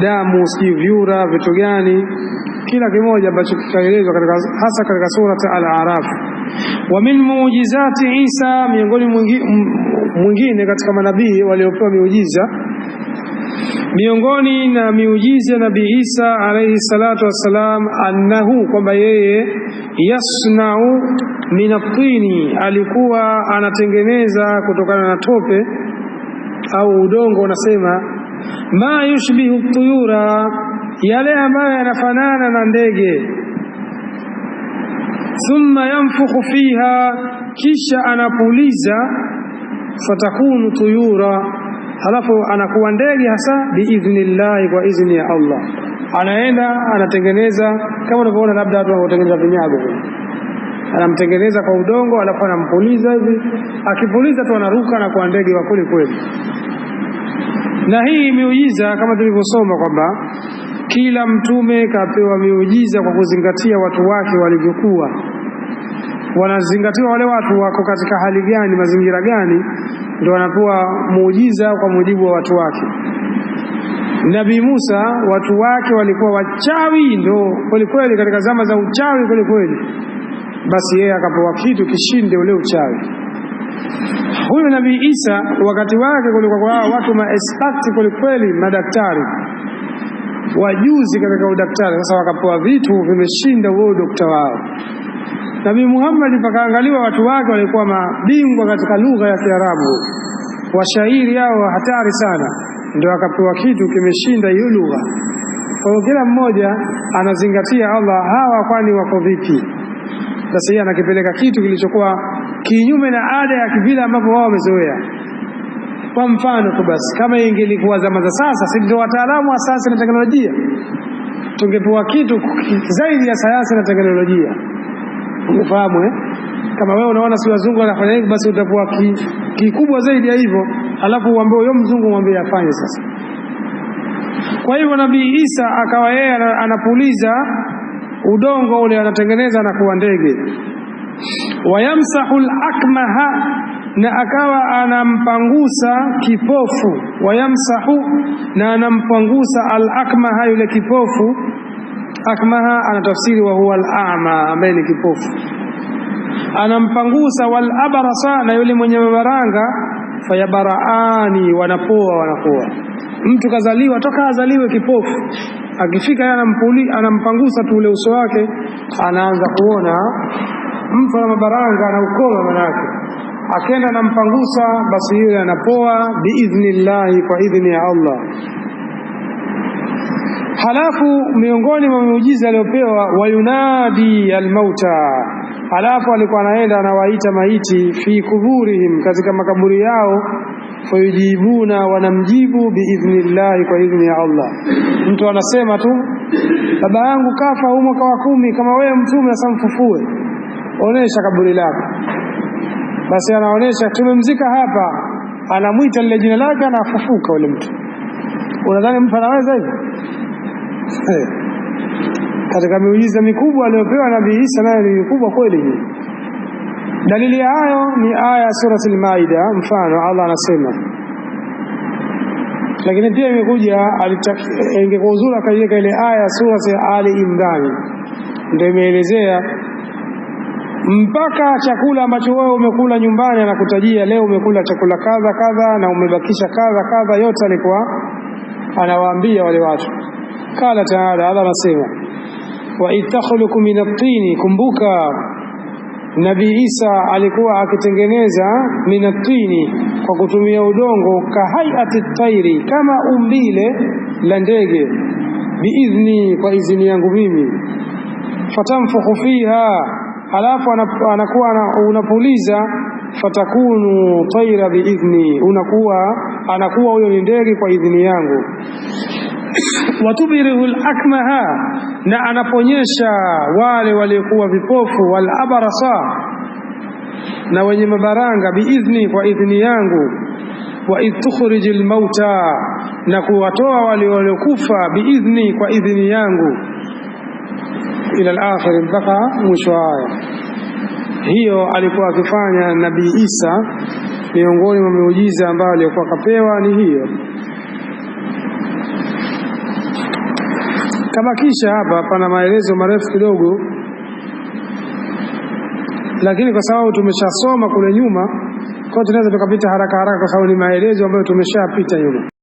damu, sijui vyura, vitu gani, kila kimoja ambacho kikaelezwa hasa katika Surat Al-Araf. Wa min mujizati Isa, miongoni mwingine katika manabii waliopewa miujiza miongoni na miujiza Nabii Isa alayhi salatu wassalam, annahu, kwamba yeye yasnau min atini, alikuwa anatengeneza kutokana na tope au udongo, unasema ma yushbihu tuyura, yale ambayo yanafanana na ndege. Thumma yanfukhu fiha, kisha anapuliza, fatakunu tuyura, halafu anakuwa ndege hasa biidhnillahi, kwa idhni ya Allah. Anaenda anatengeneza kama unavyoona labda watu wanatengeneza vinyago anamtengeneza kwa udongo, alafu anampuliza hivi. Akipuliza tu anaruka na kuwa ndege wa kweli kweli. Na hii miujiza kama tulivyosoma kwamba kila mtume kapewa miujiza kwa kuzingatia watu wake walivyokuwa wanazingatiwa, wale watu wako katika hali gani, mazingira gani, ndio wanapewa muujiza kwa mujibu wa watu wake. Nabii Musa watu wake walikuwa wachawi, ndio kwelikweli, katika zama za uchawi kwelikweli. Basi yeye akapewa kitu kishinde ule uchawi. Huyu Nabii Isa wakati wake kulikuwa kwa watu maexpert kwelikweli, madaktari wajuzi katika udaktari. Sasa wakapewa vitu vimeshinda huo udokta wao. Nabii Muhammad pakaangaliwa watu wake walikuwa mabingwa katika lugha ya Kiarabu, washairi hao hatari sana, ndio akapewa kitu kimeshinda hiyo lugha. Kwa hiyo kila mmoja anazingatia Allah, hawa kwani wako vipi? Sasa yeye anakipeleka kitu kilichokuwa kinyume na ada ya kivile ambavyo wao wamezoea. Kwa mfano tu basi, kama ingelikuwa zama za sasa, si ndio wataalamu wa sayansi na teknolojia, tungepewa kitu zaidi ya sayansi na teknolojia. Unafahamu eh? Kama wewe unaona si wazungu wanafanya hivi, basi utapewa kikubwa ki zaidi ya hivyo, alafu uambie huyo mzungu, mwambie afanye sasa. Kwa hivyo Nabii Isa akawa yeye anapuliza udongo ule, anatengeneza na kuwa ndege wayamsahu lakmaha, na akawa anampangusa kipofu. Wayamsahu, na anampangusa alakmaha, yule kipofu. Akmaha anatafsiri wa huwa alama, ambaye ni kipofu, anampangusa walabrasa, na yule mwenye mabaranga fayabaraani wanapoa, wanapoa. Mtu kazaliwa toka azaliwe kipofu, akifika anampangusa tu ule uso wake, anaanza kuona mfa na mabaranga anaukoma, manake akenda nampangusa, basi yule anapoa biidhnillahi, kwa idhni ya Allah. Halafu miongoni mwa miujiza aliyopewa wayunadi almauta, halafu alikuwa anaenda anawaita maiti fi kuburihim, katika makaburi yao fayujibuna wanamjibu biidhnillahi, kwa idhni ya Allah. Mtu anasema tu baba yangu kafa huu mwaka wa kumi, kama wewe Mtume, asamfufue onesha kaburi lako. Basi anaonesha tumemzika hapa, anamwita lile jina lake, anafufuka ule mtu. Unadhani mtu anaweza hivi? Katika miujiza mikubwa aliyopewa Nabii Isa nayo ni mikubwa kweli hii. Dalili ya hayo ni aya ya al Maida, mfano Allah anasema lakini pia imekuja ingekuwa uzuri akaiweka ile aya sura ya Ali Imran, ndio imeelezea mpaka chakula ambacho wewe umekula nyumbani, anakutajia leo umekula chakula kadha kadha na umebakisha kadha kadha. Yote alikuwa anawaambia wale watu. Kala taala, Allah anasema wa itakhluqu min at-tini, kumbuka Nabii Isa alikuwa akitengeneza minatini kwa kutumia udongo, kahaiati tairi, kama umbile la ndege, biidhni, kwa izini yangu mimi, fatanfukhu fiha alafu anakuwa unapuliza fatakunu taira biidhni, unakuwa anakuwa huyo ni ndege kwa idhini yangu. watubirihu lakmaha, na anaponyesha wale waliokuwa vipofu, wal abarasa, na wenye mabaranga, biidhni, kwa idhini yangu. wa idh tukhriji lmauta, na kuwatoa wale waliokufa, biidhni, kwa idhini yangu ila al-akhir, mpaka mwisho wa aya hiyo. Alikuwa akifanya Nabii Isa, miongoni mwa miujiza ambayo alikuwa akapewa ni hiyo. Kama kisha hapa pana maelezo marefu kidogo, lakini kwa sababu tumeshasoma kule nyuma, kwa tunaweza tukapita haraka haraka, kwa sababu ni maelezo ambayo tumeshapita nyuma.